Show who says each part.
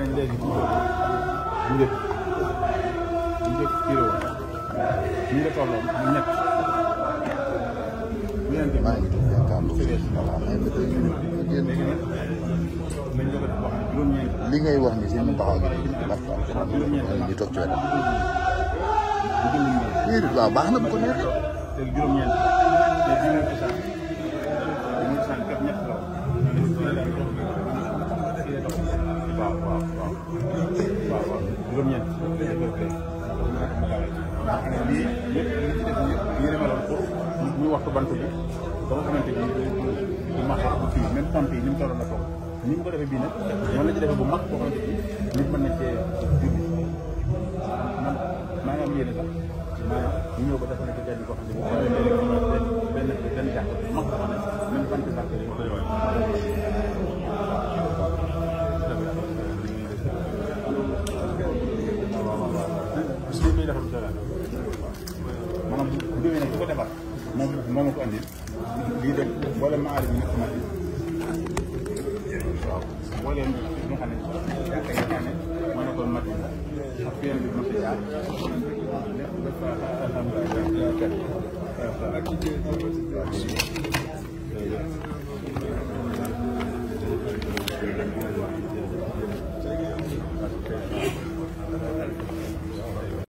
Speaker 1: nañ léegi maa ngi
Speaker 2: li ngay wax ni si mu taxaw gi ñu toog ci waaw baax na bu ko
Speaker 1: neexee juróom-ñeent.
Speaker 3: lii lépp li ci def yéen a meloon ko muy waxtu bant bi ba nga xamante ni du max bu fii même pompe yi ni mu tolloon na toog ni mu ko defee bii bu mag nit mën na cee maa ngi am yéene sax muy defar bu soobee
Speaker 4: maanaam bu déwénee ku ko defar moom moo ma ko andil lii de boole ma aar bi nga xamante ni waaw boole bi nga xam ne yaakaar naa ne moo nekkoon matin ak fii bi ma fi jaar lépp ba fa alhamdulilah ak